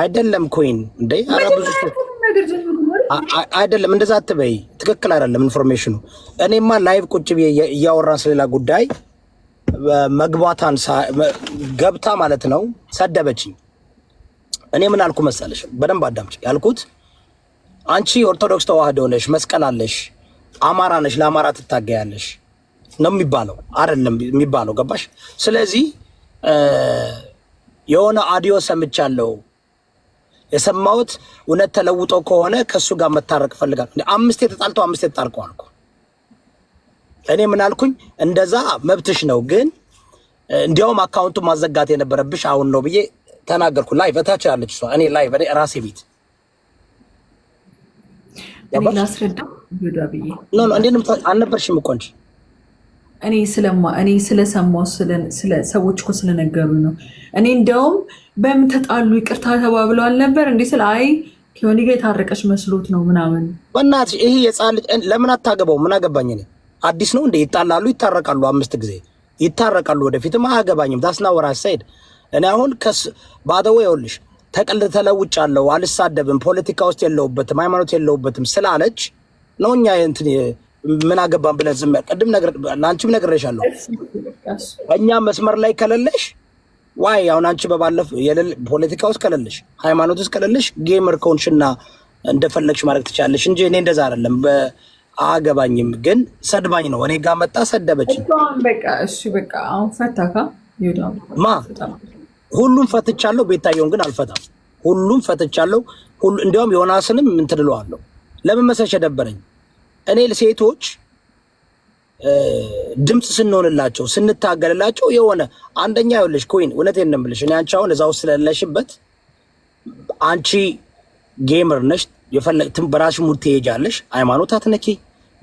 አይደለም ኮይን እንደ አይደለም፣ እንደዛ አትበይ። ትክክል አይደለም ኢንፎርሜሽኑ። እኔማ ላይቭ ቁጭ ብዬ እያወራን ስለሌላ ጉዳይ መግባቷን ገብታ ማለት ነው ሰደበችኝ። እኔ ምን አልኩ መሰለሽ? በደንብ አዳምጭ ያልኩት አንቺ ኦርቶዶክስ ተዋህዶ ነሽ፣ መስቀል አለሽ፣ አማራ ነሽ፣ ለአማራ ትታገያለሽ ነው የሚባለው አይደለም የሚባለው ገባሽ? ስለዚህ የሆነ አዲዮ ሰምቻለሁ የሰማሁት እውነት ተለውጦ ከሆነ ከእሱ ጋር መታረቅ እፈልጋለሁ። አምስቴ ተጣልተው አምስቴ ተጣርቀዋል አልኩ። እኔ ምን አልኩኝ? እንደዛ መብትሽ ነው፣ ግን እንዲያውም አካውንቱ ማዘጋት የነበረብሽ አሁን ነው ብዬ ተናገርኩ። ላይ በታች ያለች እሷ እኔ ላይ ራሴ ቤት አልነበርሽም እኮ እንጂ እኔ ስለማ እኔ ስለሰማው ሰዎች እኮ ስለነገሩ ነው። እኔ እንደውም በምን ተጣሉ ይቅርታ ተባብለዋል ነበር እንዲህ ስለ አይ ከሆነ ጋር የታረቀች መስሎት ነው ምናምን። በእናትሽ ይሄ የጻል ለምን አታገባው? ምን አገባኝ እኔ። አዲስ ነው እንደ ይጣላሉ፣ ይታረቃሉ፣ አምስት ጊዜ ይታረቃሉ። ወደፊትም አያገባኝም። ታስናወር አሳይድ እኔ አሁን ከስ ባደው ይኸውልሽ ተቀል አለው አልሳደብም፣ ፖለቲካ ውስጥ የለውበትም፣ ሃይማኖት የለውበትም ስላለች ነው እኛ እንትን ምን አገባን ብለን ዝም ቅድም ለአንቺም ነግሬሻለሁ። በእኛ መስመር ላይ ከለለሽ ዋይ አሁን አንቺ በባለፍ ፖለቲካ ውስጥ ከለለሽ፣ ሃይማኖት ውስጥ ከለለሽ ጌመር ከሆንሽና እንደፈለግሽ ማድረግ ትችላለሽ እንጂ እኔ እንደዛ አይደለም። አገባኝም ግን ሰድባኝ ነው። እኔ ጋር መጣ ሰደበች። ማ ሁሉም ፈትቻለሁ። ቤታየውን ግን አልፈታም። ሁሉም ፈትቻለሁ። እንዲያውም ዮናስንም እንትድለዋለሁ። ለምን መሰለሽ የደበረኝ እኔ ሴቶች ድምፅ ስንሆንላቸው ስንታገልላቸው የሆነ አንደኛ ይኸውልሽ ኮይን እውነቴን ነው የምልሽ እኔ አንቺ አሁን እዛ ውስጥ ስለለሽበት አንቺ ጌመር ነሽ የፈለግትን በራሽ ሙድ ትሄጃለሽ ሃይማኖት አትነኪ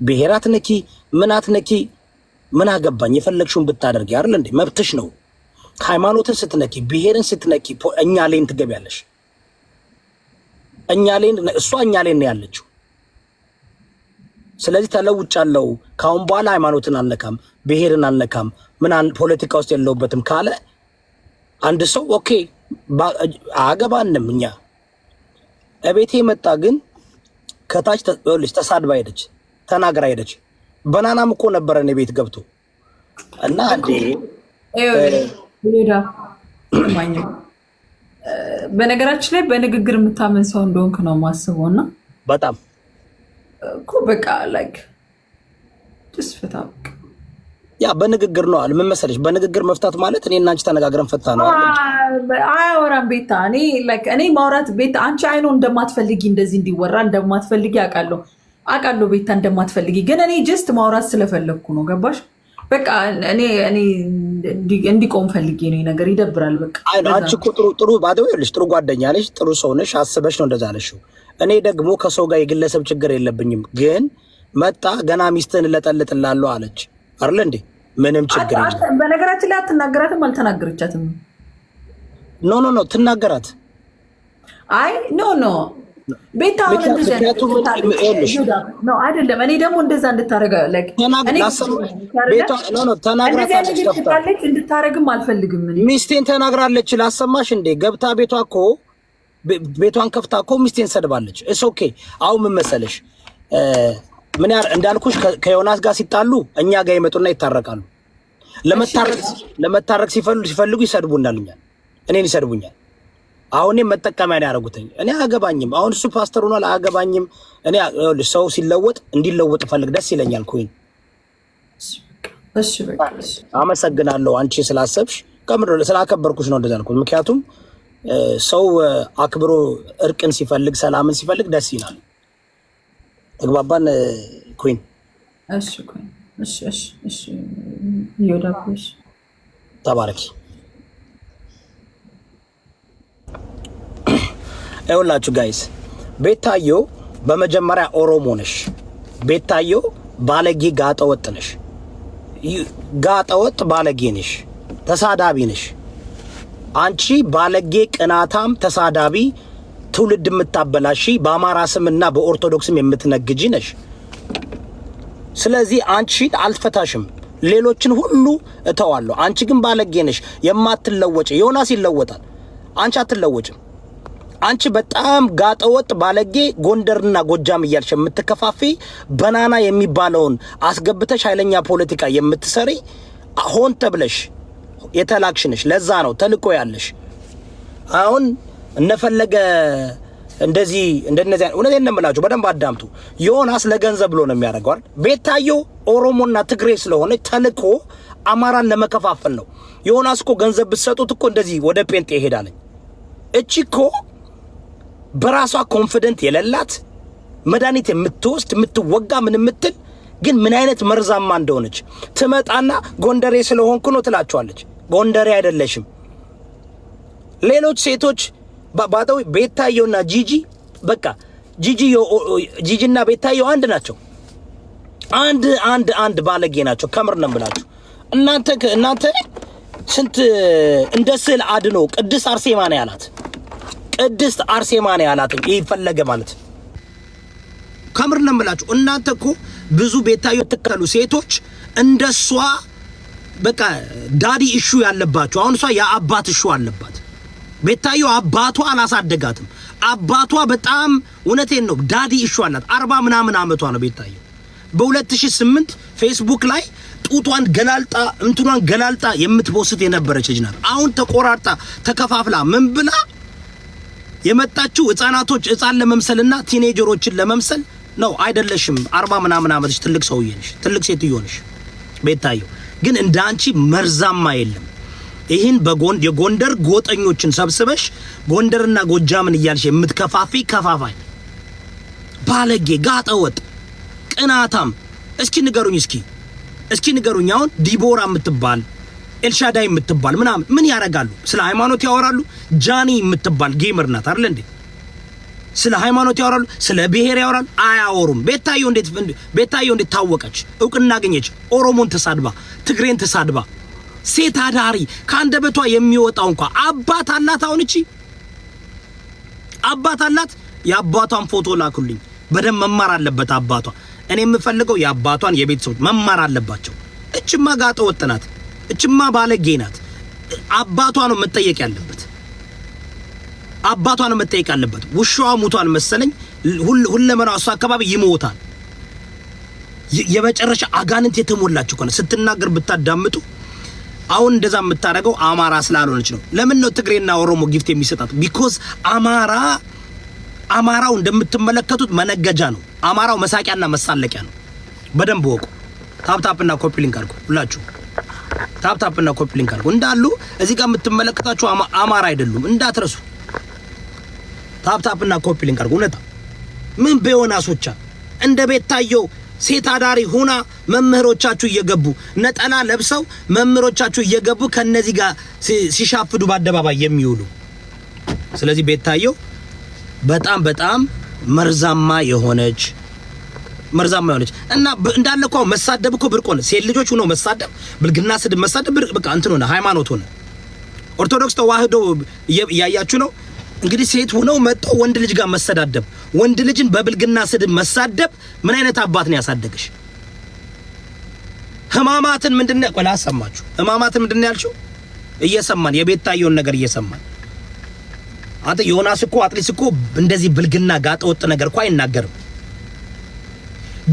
ብሔር አትነኪ ምን አትነኪ ምን አገባኝ የፈለግሽውን ብታደርጊ አይደል እንዴ መብትሽ ነው ሃይማኖትን ስትነኪ ብሔርን ስትነኪ እኛ ሌን ትገቢያለሽ እኛ ሌን እሷ እኛ ሌን ነው ያለችው ስለዚህ ተለውጫለሁ፣ ካሁን በኋላ ሃይማኖትን አልነካም፣ ብሔርን አልነካም፣ ምን ፖለቲካ ውስጥ የለውበትም ካለ አንድ ሰው ኦኬ አገባንም እኛ እቤቴ መጣ። ግን ከታች ልጅ ተሳድባ ሄደች፣ ተናግራ ሄደች። በናናም እኮ ነበረን የቤት ገብቶ እና በነገራችን ላይ በንግግር የምታመን ሰው እንደሆንክ ነው የማስበው እና በጣም እኮ በቃ ላይክ ያ በንግግር ነው አለ። ምን መሰለሽ፣ በንግግር መፍታት ማለት እኔ እና አንቺ ተነጋግረን ፈታ ነው። አያወራም ቤታ። እኔ እኔ ማውራት ቤታ፣ አንቺ አይኖ እንደማትፈልጊ እንደዚህ እንዲወራ እንደማትፈልጊ አውቃለሁ፣ አውቃለሁ ቤታ እንደማትፈልጊ። ግን እኔ ጀስት ማውራት ስለፈለግኩ ነው። ገባሽ? በቃ እኔ እኔ እንዲቆም ፈልጌ ነው። ነገር ይደብራል። በቃ አንቺ እኮ ጥሩ ጥሩ ባደው ይልሽ ጥሩ ጓደኛ ነሽ፣ ጥሩ ሰው ነሽ፣ አስበሽ ነው እንደዛ አለሽው። እኔ ደግሞ ከሰው ጋር የግለሰብ ችግር የለብኝም፣ ግን መጣ ገና ሚስትን እለጠልጥላለሁ አለች አይደል እንዴ? ምንም ችግር የለም። በነገራችን ላይ አትናገራትም፣ አልተናገረቻትም። ኖ ኖ ኖ ትናገራት። አይ ኖ ኖ ቤታ አሁን እንደዚህ አይደለም። እኔ ደግሞ እንደዛ አልፈልግም። ሚስቴን ተናግራለች ላሰማሽ እንዴ? ገብታ ቤቷ እኮ ቤቷን ከፍታ እኮ ሚስቴን ሰድባለች። እስ ኦኬ። አሁን ምን መሰለሽ፣ ምን እንዳልኩሽ ከዮናስ ጋር ሲጣሉ እኛ ጋር ይመጡና ይታረቃሉ። ለመታረቅ ሲፈልጉ ይሰድቡናል፣ እኔን ይሰድቡኛል አሁን መጠቀሚያ ነው ያደረጉትኝ። እኔ አያገባኝም። አሁን እሱ ፓስተር ሆኗል፣ አያገባኝም። እኔ ሰው ሲለወጥ እንዲለወጥ ፈልግ ደስ ይለኛል። ኩን አመሰግናለሁ አንቺ ስላሰብሽ ከምር ስላከበርኩሽ ነው እንደዛ ያልኩት። ምክንያቱም ሰው አክብሮ እርቅን ሲፈልግ ሰላምን ሲፈልግ ደስ ይላል። ተግባባን ኩን ተባረኪ። ይኸውላችሁ ጋይስ ቤታዮ በመጀመሪያ ኦሮሞ ነሽ። ቤታዮ ባለጌ ጋጠ ወጥ ነሽ። ጋጠ ወጥ ባለጌ ነሽ፣ ተሳዳቢ ነሽ። አንቺ ባለጌ ቅናታም፣ ተሳዳቢ፣ ትውልድ የምታበላሽ በአማራ ስምና በኦርቶዶክስ የምትነግጂ ነሽ። ስለዚህ አንቺን አልፈታሽም። ሌሎችን ሁሉ እተዋለሁ። አንቺ ግን ባለጌ ነሽ፣ የማትለወጭ ዮናስ ይለወጣል፣ አንቺ አትለወጭም። አንቺ በጣም ጋጠወጥ ባለጌ ጎንደርና ጎጃም እያልሽ የምትከፋፊ በናና የሚባለውን አስገብተሽ ኃይለኛ ፖለቲካ የምትሰሪ ሆን ተብለሽ የተላክሽ ነሽ። ለዛ ነው ተልኮ ያለሽ። አሁን እነፈለገ እንደዚህ እንደነዚህ እውነት እንደምላችሁ በደንብ አዳምቱ። ዮናስ ለገንዘብ ብሎ ነው የሚያደርገዋል። ቤታዮ ኦሮሞና ትግሬ ስለሆነች ተልኮ አማራን ለመከፋፈል ነው። ዮናስ እኮ ገንዘብ ብትሰጡት እኮ እንደዚህ ወደ ጴንጤ ይሄዳለኝ። እቺ እኮ በራሷ ኮንፊደንት የሌላት መድኃኒት የምትወስድ የምትወጋ ምን የምትል ግን ምን አይነት መርዛማ እንደሆነች ትመጣና ጎንደሬ ስለሆንኩ ነው ትላቸዋለች። ጎንደሬ አይደለሽም። ሌሎች ሴቶች ባጠው ቤታየውና ጂጂ በቃ ጂጂና ቤታየው አንድ ናቸው። አንድ አንድ አንድ ባለጌ ናቸው። ከምር ነው ብላችሁ እናንተ እናንተ ስንት እንደ ስዕል አድኖ ቅድስ አርሴማ ነው ያላት ቅድስት አርሴማ ነው ያላት ይሄ ማለት ከምር ነው የምላችሁ። እናንተ እኮ ብዙ ቤታዮ ትከሉ ሴቶች እንደሷ በቃ ዳዲ እሹ ያለባችሁ። አሁን እሷ የአባት እሹ አለባት። ቤታዮ አባቷ አላሳደጋትም። አባቷ በጣም እውነቴን ነው ዳዲ እሹ አላት። አርባ ምናምን አመቷ ነው ቤታዮ። በ2008 ፌስቡክ ላይ ጡቷን ገላልጣ እንትኗን ገላልጣ የምትቦስት የነበረች ልጅ ናት። አሁን ተቆራርጣ ተከፋፍላ ምን ብላ የመጣችው ህፃናቶች ህፃን ለመምሰልና ቲኔጀሮችን ለመምሰል ነው አይደለሽም? አርባ ምናምን አመትሽ ትልቅ ሰውዬ ነሽ፣ ትልቅ ሴትዮ ነሽ። ቤታየው ግን እንደ አንቺ መርዛማ የለም። ይህን የጎንደር ጎጠኞችን ሰብስበሽ ጎንደርና ጎጃምን እያልሽ የምትከፋፊ ከፋፋይ፣ ባለጌ፣ ጋጠ ወጥ፣ ቅናታም። እስኪ ንገሩኝ እስኪ እስኪ ንገሩኝ አሁን ዲቦራ የምትባል ኤልሻዳይ የምትባል ምናምን ምን ያደርጋሉ? ስለ ሃይማኖት ያወራሉ። ጃኒ የምትባል ጌመር ናት አይደል እንዴ? ስለ ሃይማኖት ያወራሉ፣ ስለ ብሔር ያወራሉ። አያወሩም። ቤታዮ እንዴት ቤታዮ እንዴት ታወቀች? እውቅና አገኘች? ኦሮሞን ተሳድባ፣ ትግሬን ተሳድባ፣ ሴት አዳሪ ከአንደበቷ የሚወጣው እንኳ አባት አላት። አሁን እቺ አባት አላት። የአባቷን ፎቶ ላኩልኝ። በደንብ መማር አለበት አባቷ። እኔ የምፈልገው የአባቷን የቤተሰቦች መማር አለባቸው። እችማ ጋጠ ወጥ ናት። እችማ ባለጌ ናት። አባቷ ነው መጠየቅ ያለበት። አባቷ ነው መጠየቅ ያለበት። ውሻዋ ሙቷል መሰለኝ። ሁለመና እሱ አካባቢ ይሞታል። የመጨረሻ አጋንንት የተሞላችሁ ከሆነ ስትናገር ብታዳምጡ አሁን እንደዛ የምታደርገው አማራ ስላልሆነች ነው። ለምን ነው ትግሬና ኦሮሞ ጊፍት የሚሰጣት? ቢኮዝ አማራ አማራው እንደምትመለከቱት መነገጃ ነው። አማራው መሳቂያና መሳለቂያ ነው። በደንብ ወቁ። ታፕታፕና ኮፒ ሊንክ አድርጉ ታፕታፕ እና ኮፒ ሊንክ አልኩ እንዳሉ እዚህ ጋር የምትመለከታችሁ አማራ አይደሉም እንዳትረሱ። ታፕታፕ እና ኮፒ ሊንክ አልኩ እውነታ ምን በዮናሶቻ እንደ ቤታየው ሴት አዳሪ ሆና መምህሮቻችሁ እየገቡ ነጠላ ለብሰው መምህሮቻችሁ እየገቡ ከነዚህ ጋር ሲሻፍዱ በአደባባይ የሚውሉ ስለዚህ ቤት ቤታየው በጣም በጣም መርዛማ የሆነች መርዛማ የሆነች እና እንዳለ እኮ መሳደብ እኮ ብርቅ ሆነ። ሴት ልጆች ሆኖ መሳደብ፣ ብልግና ስድብ መሳደብ ብርቅ በቃ እንትን ሆነ፣ ሃይማኖት ሆነ። ኦርቶዶክስ ተዋህዶ እያያችሁ ነው እንግዲህ። ሴት ሆነው መጥተው ወንድ ልጅ ጋር መሰዳደብ፣ ወንድ ልጅን በብልግና ስድብ መሳደብ ምን አይነት አባት ነው ያሳደገሽ? ህማማትን ምንድን ቆላ ሰማችሁ? ህማማትን ምንድን ያልሽው? እየሰማን የቤታየውን ነገር እየሰማን አንተ ዮናስ እኮ አጥሊስ እኮ እንደዚህ ብልግና ጋጠወጥ ነገር እኮ አይናገርም።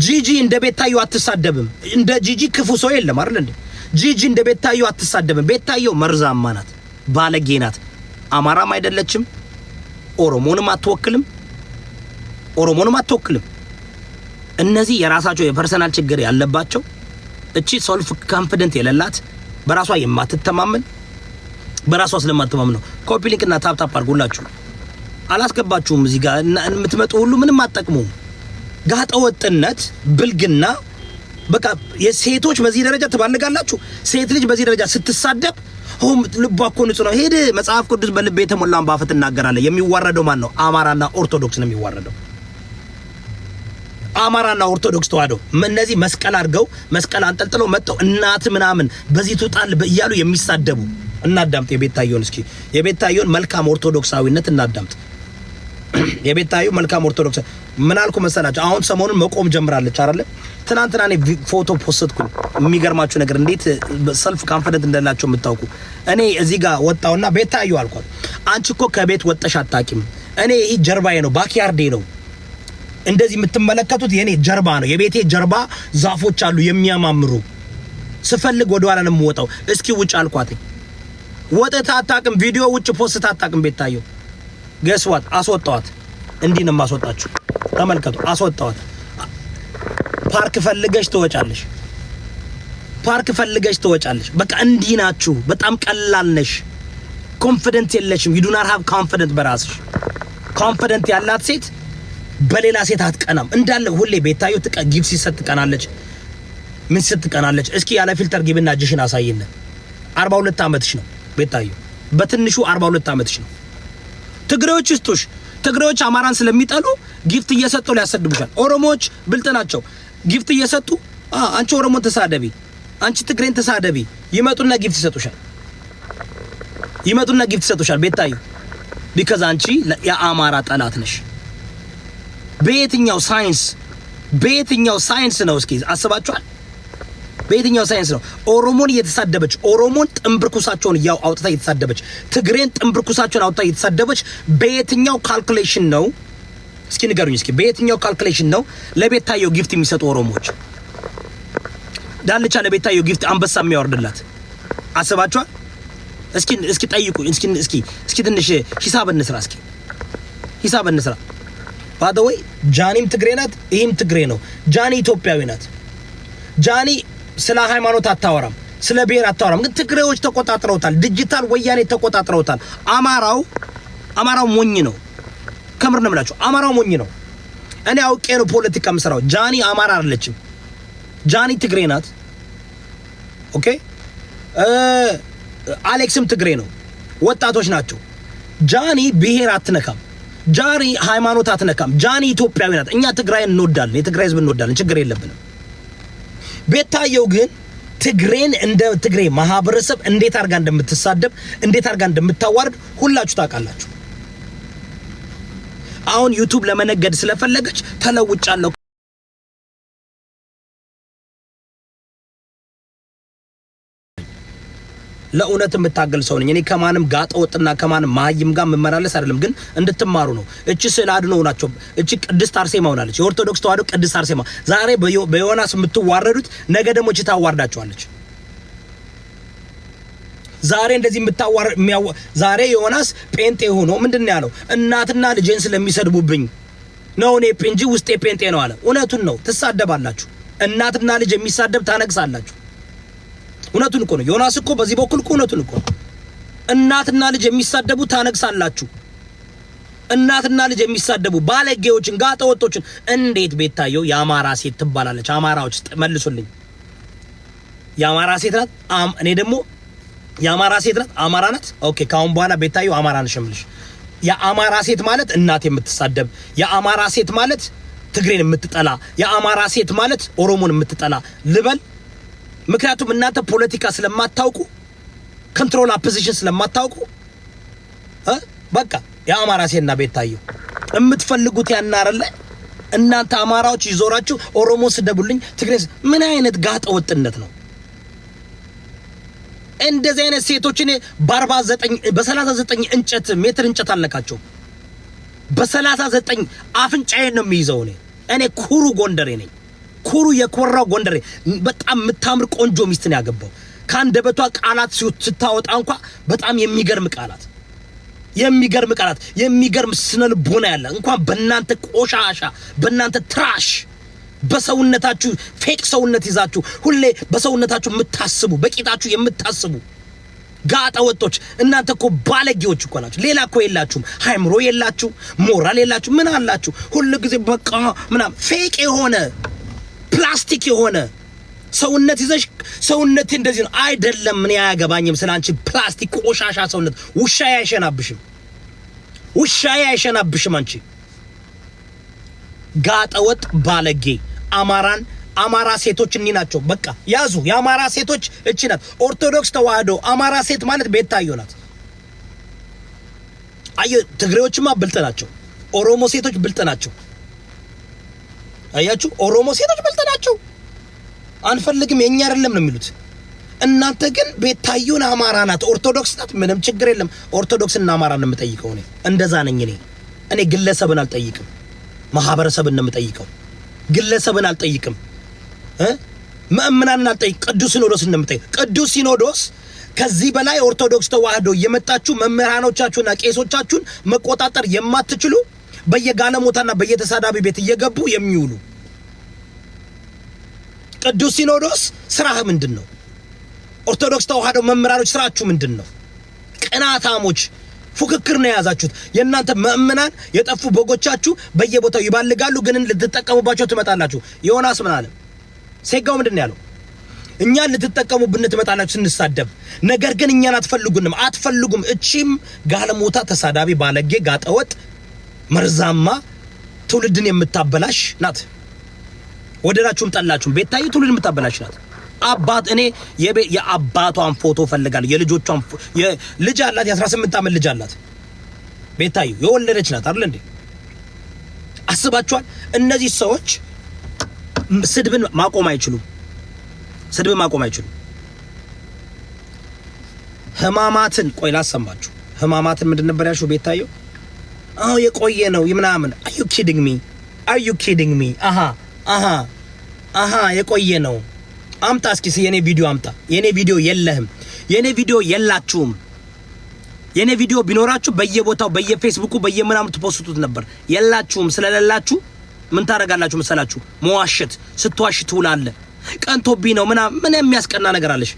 ጂጂ እንደ ቤታዩ አትሳደብም። እንደ ጂጂ ክፉ ሰው የለም አይደል እንዴ? ጂጂ እንደ ቤታዩ አትሳደብም። ቤታዩ መርዛማ ናት፣ ባለጌ ናት። አማራም አይደለችም፣ ኦሮሞንም አትወክልም፣ ኦሮሞንም አትወክልም። እነዚህ የራሳቸው የፐርሰናል ችግር ያለባቸው እቺ ሰልፍ ኮንፊደንት የሌላት በራሷ የማትተማመን በራሷ ስለማትተማመን ነው። ኮፒ ሊንክ እና ታፕ ታፕ አድርጎላችሁ አላስገባችሁም። እዚህ ጋር የምትመጡ ሁሉ ምንም አትጠቅሙም። ጋጠወጥነት፣ ብልግና በቃ የሴቶች በዚህ ደረጃ ትባልጋላችሁ። ሴት ልጅ በዚህ ደረጃ ስትሳደብ ሆም ልቧ እኮ ንጹህ ነው። ሄድ መጽሐፍ ቅዱስ በልቤ የተሞላን ባፈ ትናገራለህ። የሚዋረደው ማን ነው? አማራና ኦርቶዶክስ ነው የሚዋረደው። አማራና ኦርቶዶክስ ተዋህዶ እነዚህ መስቀል አድርገው መስቀል አንጠልጥለው መጥተው እናት ምናምን በዚህ ትውጣል እያሉ የሚሳደቡ እናዳምጥ። የቤታየውን እስኪ የቤታየውን መልካም ኦርቶዶክሳዊነት እናዳምጥ። የቤታዩ መልካም ኦርቶዶክስ ምን አልኩ መሰላችሁ? አሁን ሰሞኑን መቆም ጀምራለች አይደለ? ትናንትና እኔ ፎቶ ፖስትኩ። የሚገርማችሁ ነገር እንዴት ሰልፍ ካንፈደንት እንደላቸው የምታውቁ። እኔ እዚህ ጋር ወጣውና ቤታዩ አልኳት፣ አንቺ እኮ ከቤት ወጠሽ አታቂም። እኔ ይሄ ጀርባዬ ነው፣ ባክያርዴ ነው። እንደዚህ የምትመለከቱት የኔ ጀርባ ነው። የቤቴ ጀርባ ዛፎች አሉ የሚያማምሩ። ስፈልግ ወደኋላ ነው የምወጣው። እስኪ ውጭ አልኳት። ወጥታ አታቅም። ቪዲዮ ውጭ ፖስት አታቅም ቤታየው ገስዋት አስወጣዋት። እንዲህ ነው የማስወጣችሁ። ተመልከቱ፣ አስወጣዋት። ፓርክ ፈልገሽ ትወጫለሽ፣ ፓርክ ፈልገሽ ትወጫለሽ። በቃ እንዲህ ናችሁ። በጣም ቀላል ነሽ። ኮንፊደንት የለሽም። ዩ ዱ ናት ሃቭ ኮንፊደንት። በራስሽ ኮንፊደንት ያላት ሴት በሌላ ሴት አትቀናም። እንዳለ ሁሌ ቤታዩ ትቀ ጊብ ሲሰጥ ትቀናለች። ምን ስትቀናለች? እስኪ ያለ ፊልተር ጊብና እጅሽን አሳይልን። 42 ዓመትሽ ነው ቤታዩ፣ በትንሹ 42 ዓመትሽ ነው። ትግሬዎች ይስጡሽ። ትግሬዎች አማራን ስለሚጠሉ ጊፍት እየሰጡ ሊያሰድቡሻል። ኦሮሞዎች ብልጥ ናቸው። ጊፍት እየሰጡ አንቺ ኦሮሞን ተሳደቢ፣ አንቺ ትግሬን ተሳደቢ ይመጡና ጊፍት ይሰጡሻል። ይመጡና ጊፍት ይሰጡሻል። ቤታዩ ቢካዝ አንቺ የአማራ ጠላት ነሽ። በየትኛው ሳይንስ በየትኛው ሳይንስ ነው? እስኪ አስባችኋል? በየትኛው ሳይንስ ነው ኦሮሞን እየተሳደበች ኦሮሞን ጥንብርኩሳቸውን ያው አውጥታ እየተሳደበች ትግሬን ጥንብርኩሳቸውን አውጥታ እየተሳደበች በየትኛው ካልኩሌሽን ነው? እስኪ ንገሩኝ። እስኪ በየትኛው ካልኩሌሽን ነው ለቤታየው ጊፍት የሚሰጡ ኦሮሞዎች? ዳልቻ ለቤታየው ጊፍት አንበሳ የሚያወርድላት አስባችኋል? እስኪ እስኪ ጠይቁ። እስኪ እስኪ እስኪ ትንሽ ሂሳብ እንስራ። እስኪ ሂሳብ እንስራ። ባደወይ ጃኒም ትግሬ ናት፣ ይህም ትግሬ ነው። ጃኒ ኢትዮጵያዊ ናት። ጃኒ ስለ ሃይማኖት አታወራም፣ ስለ ብሔር አታወራም። ግን ትግሬዎች ተቆጣጥረውታል። ዲጂታል ወያኔ ተቆጣጥረውታል። አማራው አማራው ሞኝ ነው። ከምር ነው የምላችሁ፣ አማራው ሞኝ ነው። እኔ አውቄ ነው ፖለቲካ የምሰራው። ጃኒ አማራ አይደለችም፣ ጃኒ ትግሬ ናት። ኦኬ አሌክስም ትግሬ ነው። ወጣቶች ናቸው። ጃኒ ብሔር አትነካም። ጃኒ ሃይማኖት አትነካም። ጃኒ ኢትዮጵያዊ ናት። እኛ ትግራይ እንወዳለን፣ የትግራይ ህዝብ እንወዳለን። ችግር የለብንም። ቤታየው ግን ትግሬን እንደ ትግሬ ማህበረሰብ እንዴት አድርጋ እንደምትሳደብ እንዴት አድርጋ እንደምታዋርድ ሁላችሁ ታውቃላችሁ። አሁን ዩቱብ ለመነገድ ስለፈለገች ተለውጫለሁ ለእውነት የምታገል ሰው ነኝ። እኔ ከማንም ጋጠ ወጥና ከማንም መሀይም ጋር የምመላለስ አይደለም፣ ግን እንድትማሩ ነው። እቺ ስዕል አድኖ ናቸው። እቺ ቅድስት አርሴማ ሆናለች፣ የኦርቶዶክስ ተዋህዶ ቅድስት አርሴማ። ዛሬ በዮናስ የምትዋረዱት ነገ ደግሞ እቺ ታዋርዳቸዋለች። ዛሬ እንደዚህ የምታዋር ዛሬ ዮናስ ጴንጤ ሆኖ ምንድን ነው ያለው? እናትና ልጄን ስለሚሰድቡብኝ ነው እኔ እንጂ ውስጤ ጴንጤ ነው አለ። እውነቱን ነው። ትሳደባላችሁ። እናትና ልጅ የሚሳደብ ታነግሳላችሁ። እውነቱን እኮ ነው። ዮናስ እኮ በዚህ በኩል እኮ እውነቱን እኮ ነው። እናትና ልጅ የሚሳደቡ ታነግሳላችሁ። እናትና ልጅ የሚሳደቡ ባለጌዎችን፣ ጋጠወጦችን እንዴት ቤታየው የአማራ ሴት ትባላለች? አማራዎች መልሱልኝ። የአማራ ሴት ናት። እኔ ደግሞ የአማራ ሴት ናት። አማራ ናት። ኦኬ፣ ካሁን በኋላ ቤታየው አማራ ነሽ እምልሽ። የአማራ ሴት ማለት እናት የምትሳደብ፣ የአማራ ሴት ማለት ትግሬን የምትጠላ፣ የአማራ ሴት ማለት ኦሮሞን የምትጠላ ልበል ምክንያቱም እናንተ ፖለቲካ ስለማታውቁ ኮንትሮል አፖዚሽን ስለማታውቁ በቃ የአማራ ሴና ቤት ታየው የምትፈልጉት ያን አይደለ? እናንተ አማራዎች ይዞራችሁ ኦሮሞ ስደቡልኝ፣ ትግሬ ምን አይነት ጋጠ ወጥነት ነው? እንደዚህ አይነት ሴቶችን በ49 በ39 እንጨት ሜትር እንጨት አለካቸው። በ39 አፍንጫዬን ነው የሚይዘው። እኔ እኔ ኩሩ ጎንደሬ ነኝ። ኩሩ የኮራው ጎንደሬ በጣም የምታምር ቆንጆ ሚስትን ያገባው ከአንደበቷ ቃላት ስታወጣ እንኳ በጣም የሚገርም ቃላት የሚገርም ቃላት የሚገርም ስነ ልቦና ያለ እንኳን በእናንተ ቆሻሻ በእናንተ ትራሽ በሰውነታችሁ ፌቅ ሰውነት ይዛችሁ ሁሌ በሰውነታችሁ የምታስቡ በቂጣችሁ የምታስቡ ጋጠ ወጦች እናንተ እኮ ባለጌዎች እኮ ናችሁ። ሌላ እኮ የላችሁም። ሃይምሮ የላችሁ፣ ሞራል የላችሁ። ምን አላችሁ? ሁሉ ጊዜ በቃ ምናምን ፌቅ የሆነ ፕላስቲክ የሆነ ሰውነት ይዘሽ ሰውነት እንደዚህ ነው አይደለም። ምን አያገባኝም ስለ አንቺ ፕላስቲክ ቆሻሻ ሰውነት። ውሻዬ አይሸናብሽም፣ ውሻዬ አይሸናብሽም። አንቺ ጋጠወጥ ባለጌ አማራን አማራ ሴቶች እኒ ናቸው። በቃ ያዙ። የአማራ ሴቶች እቺ ናት። ኦርቶዶክስ ተዋህዶ አማራ ሴት ማለት ቤታዮ ናት። አየ ትግሬዎችማ ብልጥ ናቸው። ኦሮሞ ሴቶች ብልጥ ናቸው። አያችሁ፣ ኦሮሞ ሴቶች በልጠናቸው አንፈልግም የኛ አይደለም ነው የሚሉት። እናንተ ግን ቤታዩን አማራ ናት፣ ኦርቶዶክስ ናት፣ ምንም ችግር የለም። ኦርቶዶክስና አማራ ነው የምጠይቀው እኔ እንደዛ ነኝ። እኔ እኔ ግለሰብን አልጠይቅም፣ ማህበረሰብን ነው የምጠይቀው። ግለሰብን አልጠይቅም፣ ምእምናን አልጠይቅ፣ ቅዱስ ሲኖዶስ ነው የምጠይቀው። ቅዱስ ሲኖዶስ ከዚህ በላይ ኦርቶዶክስ ተዋህዶ እየመጣችሁ መምህራኖቻችሁና ቄሶቻችሁን መቆጣጠር የማትችሉ በየጋለሞታና በየተሳዳቢ ቤት እየገቡ የሚውሉ ቅዱስ ሲኖዶስ ስራህ ምንድን ነው? ኦርቶዶክስ ተዋህዶ መምህራኖች ስራችሁ ምንድን ነው? ቅናታሞች ፉክክር ነው የያዛችሁት። የእናንተ ምእምናን የጠፉ በጎቻችሁ በየቦታው ይባልጋሉ፣ ግን ልትጠቀሙባቸው ትመጣላችሁ። ዮናስ ምን አለ? ሴጋው ምንድን ነው ያለው? እኛን ልትጠቀሙብን ትመጣላችሁ ስንሳደብ፣ ነገር ግን እኛን አትፈልጉንም፣ አትፈልጉም። እቺም ጋለሞታ፣ ተሳዳቢ፣ ባለጌ፣ ጋጠወጥ መርዛማ ትውልድን የምታበላሽ ናት። ወደዳችሁም ጠላችሁም ቤታዬ ትውልድ የምታበላሽ ናት። አባት እኔ የአባቷን ፎቶ ፈልጋለሁ። የልጆቿን ልጅ አላት፣ የ18 ዓመት ልጅ አላት። ቤታዩ የወለደች ናት አይደል እንዴ? አስባችኋል? እነዚህ ሰዎች ስድብን ማቆም አይችሉም። ስድብን ማቆም አይችሉም። ህማማትን ቆይ ላሰማችሁ። ህማማትን ምንድን ነበር ያልሽው ቤታየው? አዎ የቆየ ነው ምናምን። አዩ ኪዲንግ ሚ አዩ ኪዲንግ ሚ አሃ አሃ አሃ የቆየ ነው። አምጣ እስኪ የኔ ቪዲዮ አምጣ። የኔ ቪዲዮ የለህም። የኔ ቪዲዮ የላችሁም። የኔ ቪዲዮ ቢኖራችሁ በየቦታው በየፌስቡኩ በየምናምን ትፖስቱት ነበር። የላችሁም። ስለሌላችሁ ምን ታደርጋላችሁ መሰላችሁ? መዋሸት። ስትዋሽ ትውላለህ። ቀንቶብኝ ነው ምናምን ምን የሚያስቀና ነገር አለሽ?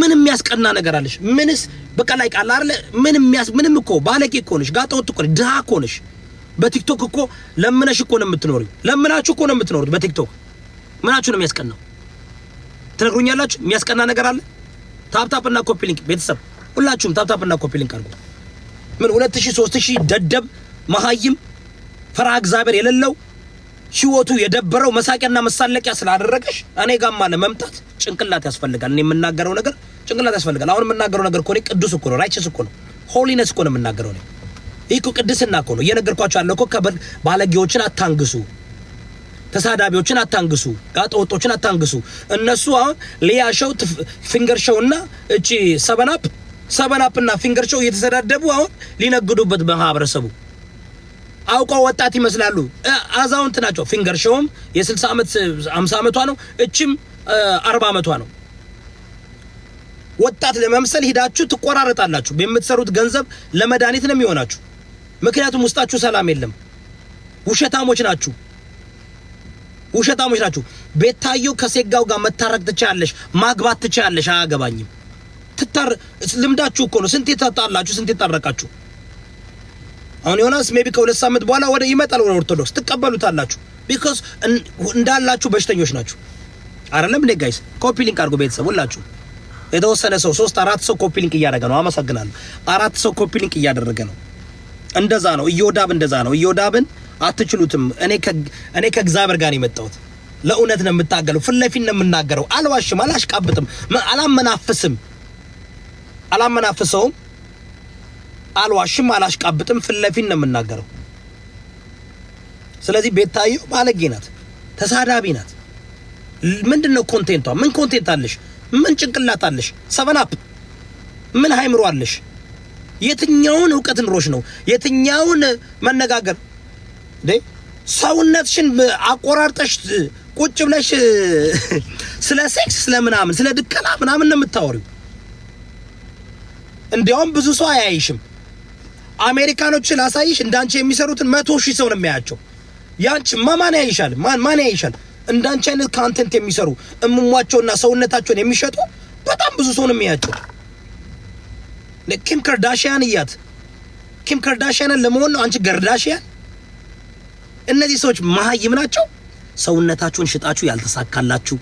ምን የሚያስቀና ነገር አለሽ? ምንስ በቃ ላይ ቃል አይደለ? ምን የሚያስ ምንም እኮ ባለጌ እኮ ነሽ፣ ጋጠ እኮ ነሽ፣ ድሃ እኮ ነሽ። በቲክቶክ እኮ ለምነሽ እኮ ነው የምትኖሪ፣ ለምናችሁ እኮ ነው የምትኖሩት። በቲክቶክ ምናችሁ ነው የሚያስቀናው? ትነግሩኛላችሁ? የሚያስቀና ነገር አለ? ታፕታፕ እና ኮፒ ሊንክ ቤተሰብ ሁላችሁም ታፕታፕ እና ኮፒ ሊንክ አድርጉ። ምን ሁለት ሺህ ሶስት ሺህ ደደብ መሀይም ፈራ እግዚአብሔር የሌለው ህይወቱ የደበረው መሳቂያና መሳለቂያ ስላደረገሽ እኔ ጋማ ለመምጣት ጭንቅላት ያስፈልጋል። እኔ የምናገረው ነገር ጭንቅላት ያስፈልጋል። አሁን የምናገረው ነገር እኮ ቅዱስ እኮ ነው፣ ራይቸስ እኮ ነው፣ ሆሊነስ እኮ ነው የምናገረው። ይህ እኮ ቅድስና እኮ ነው እየነገርኳቸው ያለው እኮ። ባለጌዎችን አታንግሱ፣ ተሳዳቢዎችን አታንግሱ፣ ጋጠወጦችን አታንግሱ። እነሱ አሁን ሊያሸው ሾው ፊንገር ሾው እና እቺ ሰበናፕ ሰበናፕ እና ፊንገር ሸው እየተሰዳደቡ አሁን ሊነግዱበት በማህበረሰቡ አውቀው ወጣት ይመስላሉ። አዛውንት ናቸው። ፊንገር ሾውም የ60 ዓመት 50 ዓመቷ ነው እችም አርባ ዓመቷ ነው። ወጣት ለመምሰል ሂዳችሁ ትቆራረጣላችሁ። የምትሰሩት ገንዘብ ለመድኃኒት ነው የሚሆናችሁ። ምክንያቱም ውስጣችሁ ሰላም የለም። ውሸታሞች ናችሁ፣ ውሸታሞች ናችሁ። ቤታየው ከሴጋው ጋር መታረቅ ትችያለሽ፣ ማግባት ትችያለሽ። አያገባኝም። ትታር ልምዳችሁ እኮ ነው። ስንት ተጣላችሁ፣ ስንት ታረቃችሁ። አሁን ዮናስ ሜቢ ከሁለት ሳምንት በኋላ ወደ ይመጣል ወደ ኦርቶዶክስ ትቀበሉታላችሁ። ቢኮዝ እንዳላችሁ በሽተኞች ናችሁ። አይደለም እንዴ ጋይስ? ኮፒ ሊንክ አድርጉ ቤተሰብ ሁላችሁ። የተወሰነ ሰው ሶስት አራት ሰው ኮፒ ሊንክ እያደረገ ነው። አመሰግናለሁ። አራት ሰው ኮፒ ሊንክ እያደረገ ነው። እንደዛ ነው እዮዳብ፣ እንደዛ ነው እዮዳብን አትችሉትም። እኔ እኔ ከእግዚአብሔር ጋር ነው የመጣሁት። ለእውነት ነው የምታገለው። ፊት ለፊት ነው የምናገረው። አልዋሽም፣ አላሽቃብጥም፣ አላመናፍስም፣ አላመናፍሰውም፣ አልዋሽም፣ አላሽቃብጥም። ፊት ለፊት ነው የምናገረው። ስለዚህ ቤታየው ባለጌ ናት፣ ተሳዳቢ ናት። ምንድን ነው ኮንቴንቷ? ምን ኮንቴንት አለሽ? ምን ጭንቅላት አለሽ? ሰቨን አፕ ምን ሀይምሮ አለሽ? የትኛውን እውቀት ኑሮሽ ነው? የትኛውን መነጋገር እንዴ? ሰውነትሽን አቆራርጠሽ ቁጭ ብለሽ ስለ ሴክስ ስለ ምናምን ስለ ድከላ ምናምን ነው የምታወሪው። እንዲያውም ብዙ ሰው አያይሽም። አሜሪካኖች ላሳይሽ፣ እንዳንቺ የሚሰሩትን መቶ ሺህ ሰው ነው የሚያያቸው። ያንቺ ማን ያይሻል? ማን ማን ያይሻል? እንዳንቺ አይነት ካንተንት የሚሰሩ እምሟቸውና ሰውነታቸውን የሚሸጡ በጣም ብዙ ሰው ነው የሚያቸው። ኪም ከርዳሽያን እያት። ኪም ከርዳሽያንን ለመሆን ነው አንቺ ገርዳሽያን። እነዚህ ሰዎች መሀይም ናቸው። ሰውነታችሁን ሽጣችሁ ያልተሳካላችሁ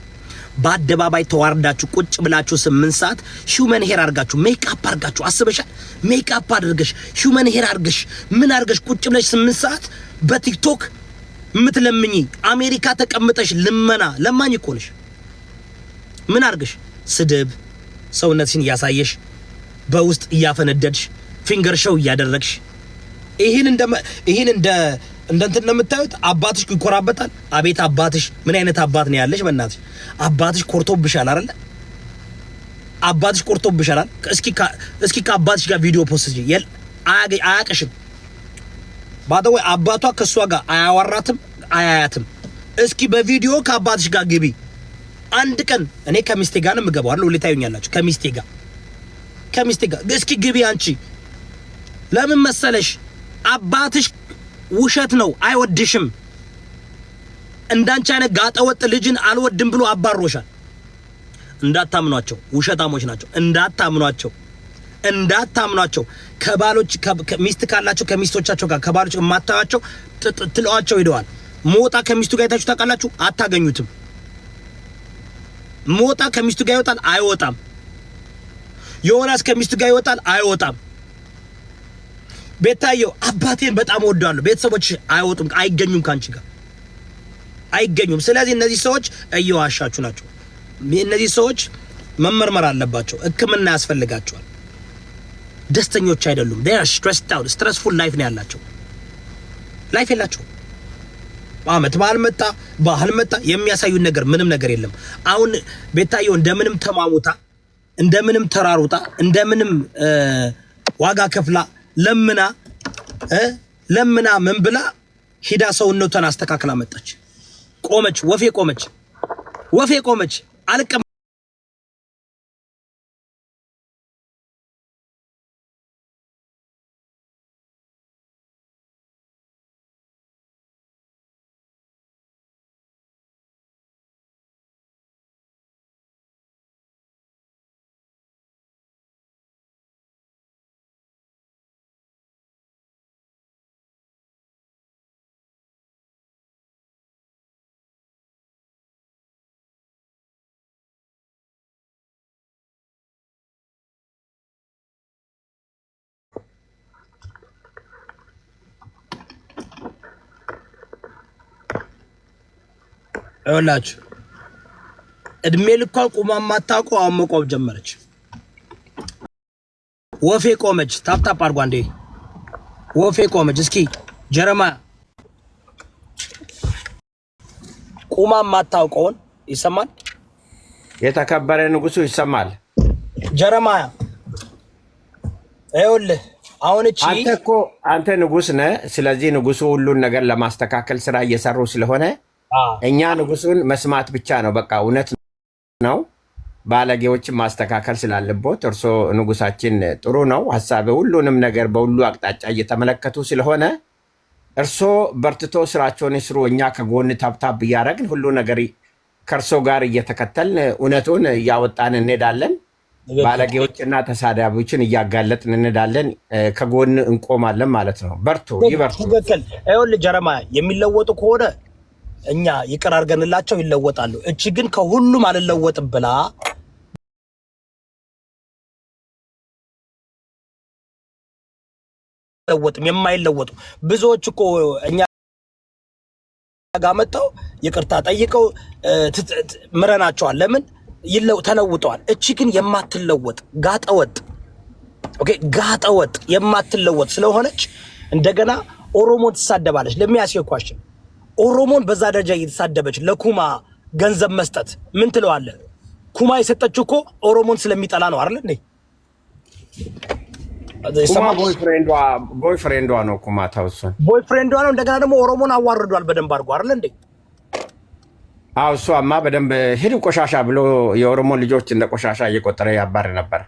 በአደባባይ ተዋርዳችሁ ቁጭ ብላችሁ ስምንት ሰዓት ሂውመን ሄር አድርጋችሁ ሜካፕ አርጋችሁ አስበሻል። ሜካፕ አድርገሽ ሂውመን ሄር አርገሽ ምን አርገሽ ቁጭ ብለሽ ስምንት ሰዓት በቲክቶክ የምትለምኝ አሜሪካ ተቀምጠሽ ልመና ለማኝ እኮ ነሽ። ምን አርግሽ? ስድብ ሰውነትሽን እያሳየሽ በውስጥ እያፈነደድሽ ፊንገር ሸው እያደረግሽ ይህን እንደ ይህን እንደ እንደ እንትን ነው የምታዩት። አባትሽ ይኮራበታል። አቤት አባትሽ ምን አይነት አባት ነው ያለሽ? በእናትሽ አባትሽ ኮርቶብሻል አይደል? አባትሽ ኮርቶብሻል። እስኪ እስኪ ከአባትሽ ጋር ቪዲዮ ፖስት አያቅሽም ባጠወ አባቷ ከእሷ ጋር አያወራትም አያያትም። እስኪ በቪዲዮ ከአባትሽ ጋር ግቢ አንድ ቀን። እኔ ከሚስቴ ጋር ነው የምገባው አይደል? ሁሌ ታዩኛላችሁ ከሚስቴ ጋር ከሚስቴ ጋር እስኪ ግቢ አንቺ። ለምን መሰለሽ አባትሽ ውሸት ነው አይወድሽም። እንዳንቺ አይነት ጋጠወጥ ልጅን አልወድም ብሎ አባሮሻል። እንዳታምኗቸው፣ ውሸታሞች ናቸው። እንዳታምኗቸው። እንዳታምኗቸው። ከባሎች ሚስት ካላቸው ከሚስቶቻቸው ጋር ከባሎች ማታቸው ትለዋቸው ሄደዋል። ሞጣ ከሚስቱ ጋር የታችሁ ታውቃላችሁ? አታገኙትም። ሞጣ ከሚስቱ ጋር ይወጣል አይወጣም። ዮናስ ከሚስቱ ጋር ይወጣል አይወጣም። ቤታየው አባቴን በጣም ወደዋለሁ፣ ቤተሰቦች አይወጡም፣ አይገኙም፣ ከአንቺ ጋር አይገኙም። ስለዚህ እነዚህ ሰዎች እየዋሻችሁ ናቸው። እነዚህ ሰዎች መመርመር አለባቸው፣ ሕክምና ያስፈልጋቸዋል። ደስተኞች አይደሉም። ዴ አር ስትረስድ አውት ስትረስፉል ላይፍ ነው ያላቸው። ላይፍ የላቸው። አመት በዓል መጣ፣ ባህል መጣ፣ የሚያሳዩን ነገር ምንም ነገር የለም። አሁን ቤታየው እንደምንም ተማሙታ፣ እንደምንም ተራሩጣ፣ እንደምንም ዋጋ ከፍላ ለምና ለምና ምን ብላ ሂዳ ሰውነቷን አስተካክላ መጣች። ቆመች፣ ወፌ ቆመች፣ ወፌ ቆመች። አልቀ ይኸውላችሁ እድሜ ልኳን ቁማ ማታውቀው አሁን መቆም ጀመረች። ወፌ ቆመች። ታፕታፕ አድርጓ እንዴ ወፌ ቆመች። እስኪ ጀረማ ቁማ ማታውቀውን ይሰማል። የተከበረ ንጉሱ ይሰማል። ጀረማ ይኸውልህ አሁን እቺ አንተ እኮ አንተ ንጉስ ነህ። ስለዚህ ንጉሱ ሁሉን ነገር ለማስተካከል ስራ እየሰሩ ስለሆነ እኛ ንጉሱን መስማት ብቻ ነው። በቃ እውነት ነው። ባለጌዎችን ማስተካከል ስላለቦት እርሶ ንጉሳችን ጥሩ ነው። ሀሳብ ሁሉንም ነገር በሁሉ አቅጣጫ እየተመለከቱ ስለሆነ እርሶ በርትቶ ስራቸውን ይስሩ። እኛ ከጎን ታብታብ እያደረግን ሁሉ ነገር ከእርሶ ጋር እየተከተልን እውነቱን እያወጣን እንሄዳለን። ባለጌዎችና ተሳዳቢዎችን እያጋለጥን እንሄዳለን። ከጎን እንቆማለን ማለት ነው። በርቱ፣ ይበርቱ። ትክክል። ይኸውልህ ጀረማ የሚለወጡ ከሆነ እኛ ይቅር አድርገንላቸው ይለወጣሉ። እቺ ግን ከሁሉም አልለወጥም ብላ አይለወጥም የማይለወጡ ብዙዎች እኮ እኛ ጋር መጥተው ይቅርታ ጠይቀው ምረናቸዋል። ለምን ይለው ተለውጠዋል። እቺ ግን የማትለወጥ ጋጠወጥ ኦኬ፣ ጋጠወጥ የማትለወጥ ስለሆነች እንደገና ኦሮሞን ትሳደባለች። ኳሽን ኦሮሞን በዛ ደረጃ እየተሳደበች ለኩማ ገንዘብ መስጠት ምን ትለዋለ? ኩማ የሰጠችው እኮ ኦሮሞን ስለሚጠላ ነው አለ። ቦይፍሬንዷ ነው። ኩማ ታውሰን ቦይፍሬንዷ ነው። እንደገና ደግሞ ኦሮሞን አዋርዷል በደንብ አድርጎ አለ እንዴ? አዎ እሷማ በደንብ ሂዱ ቆሻሻ ብሎ የኦሮሞን ልጆች እንደ ቆሻሻ እየቆጠረ ያባር ነበር።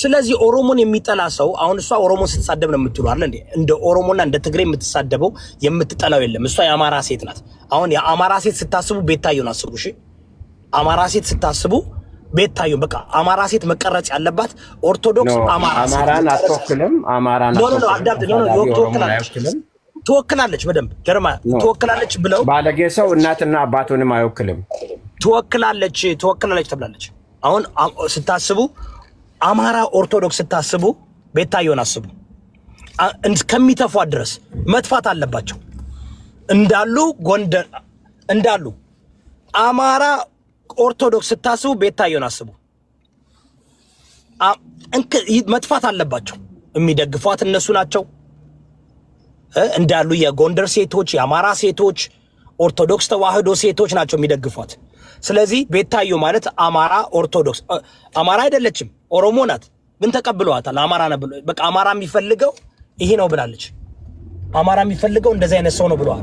ስለዚህ ኦሮሞን የሚጠላ ሰው አሁን እሷ ኦሮሞን ስትሳደብ ነው የምትሉ አለ እንዴ? እንደ ኦሮሞና እንደ ትግሬ የምትሳደበው የምትጠላው የለም። እሷ የአማራ ሴት ናት። አሁን የአማራ ሴት ስታስቡ ቤታየውን አስቡ። እሺ፣ አማራ ሴት ስታስቡ ቤታየው በቃ አማራ ሴት መቀረጽ ያለባት ኦርቶዶክስ አማራ አማራን አትወክልም። አማራን አትወክልም። ትወክላለች በደንብ ገርማ ትወክላለች ብለው ባለጌ ሰው እናትና አባቱንም አይወክልም። ትወክላለች ትወክላለች ተብላለች። አሁን ስታስቡ አማራ ኦርቶዶክስ ስታስቡ ቤታዮን አስቡ። እስከሚተፏት ድረስ መጥፋት አለባቸው እንዳሉ ጎንደር እንዳሉ አማራ ኦርቶዶክስ ስታስቡ ቤታዮን አስቡ። መጥፋት አለባቸው። የሚደግፏት እነሱ ናቸው እንዳሉ የጎንደር ሴቶች፣ የአማራ ሴቶች፣ ኦርቶዶክስ ተዋህዶ ሴቶች ናቸው የሚደግፏት። ስለዚህ ቤታዮ ማለት አማራ ኦርቶዶክስ አማራ አይደለችም፣ ኦሮሞ ናት፣ ግን ተቀብለዋታል። አማራ ነው ብሎ በቃ አማራ የሚፈልገው ይሄ ነው ብላለች። አማራ የሚፈልገው እንደዚህ አይነት ሰው ነው ብለዋል።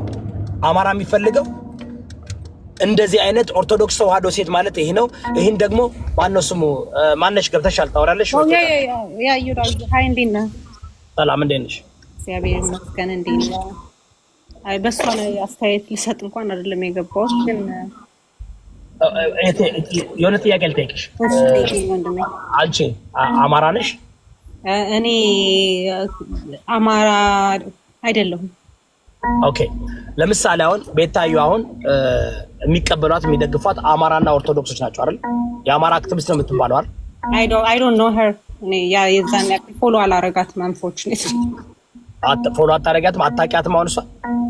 አማራ የሚፈልገው እንደዚህ አይነት ኦርቶዶክስ ተዋህዶ ሴት ማለት ይሄ ነው። ይህን ደግሞ ማነው ስሙ ማነሽ ገብተሽ አልታወራለሽ። ሰላም እንዴት ነሽ? እግዚአብሔር ይመስገን። እንዴት ነው? አይ በእሷ ላይ አስተያየት ልሰጥ እንኳን አይደለም የገባሁት ግን የሆነ ጥያቄ ልጠይቅሽ። አንቺ አማራ ነሽ? እኔ አማራ አይደለሁም። ኦኬ። ለምሳሌ አሁን ቤታዩ አሁን የሚቀበሏት የሚደግፏት አማራና ኦርቶዶክሶች ናቸው አይደል? የአማራ አክቲቪስት ነው የምትባለው አይደል? አይ ዶንት ኖ ሄር ያ የዛን ያክል ፎሎ አላረጋት ማንፎች አንፎርቹኔትሊ ፎሎ አታረጊያትም? አታውቂያትም? አሁን እሷ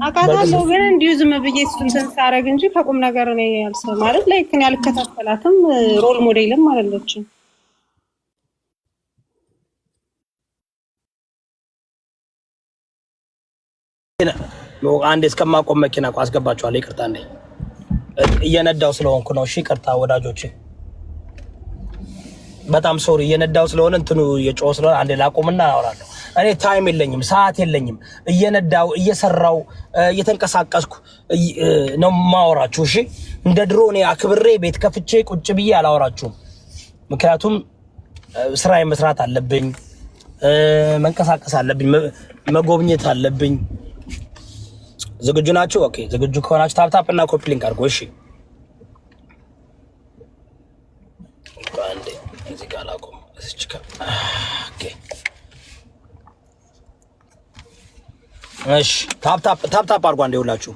አውቃታለሁ፣ ግን እንዲሁ ዝም ብዬ እሱን ሳረግ እንጂ ከቁም ነገር ነው ያልሰው ማለት ላይ ክን ያልከታተላትም ሮል ሞዴልም አይደለችም። አንድ እስከማቆም መኪና እኮ አስገባችኋለሁ። ይቅርታ እንዴ እየነዳው ስለሆንኩ ነው። እሺ ይቅርታ ወዳጆች፣ በጣም ሶሪ እየነዳው ስለሆነ እንትኑ የጮ ስለሆነ አንዴ ላቁምና አወራለሁ። እኔ ታይም የለኝም፣ ሰዓት የለኝም። እየነዳው እየሰራው እየተንቀሳቀስኩ ነው ማወራችሁ። እሺ እንደ ድሮ እኔ አክብሬ ቤት ከፍቼ ቁጭ ብዬ አላወራችሁም። ምክንያቱም ስራ መስራት አለብኝ፣ መንቀሳቀስ አለብኝ፣ መጎብኘት አለብኝ። ዝግጁ ናችሁ? ኦኬ፣ ዝግጁ ከሆናችሁ ታፕታፕ እና ኮፒ ሊንክ አድርጎ እሺ እዚህ ጋር ላቁም። እሺ ታፕ ታፕ ታፕ ታፕ አድርጓ እንደውላችሁ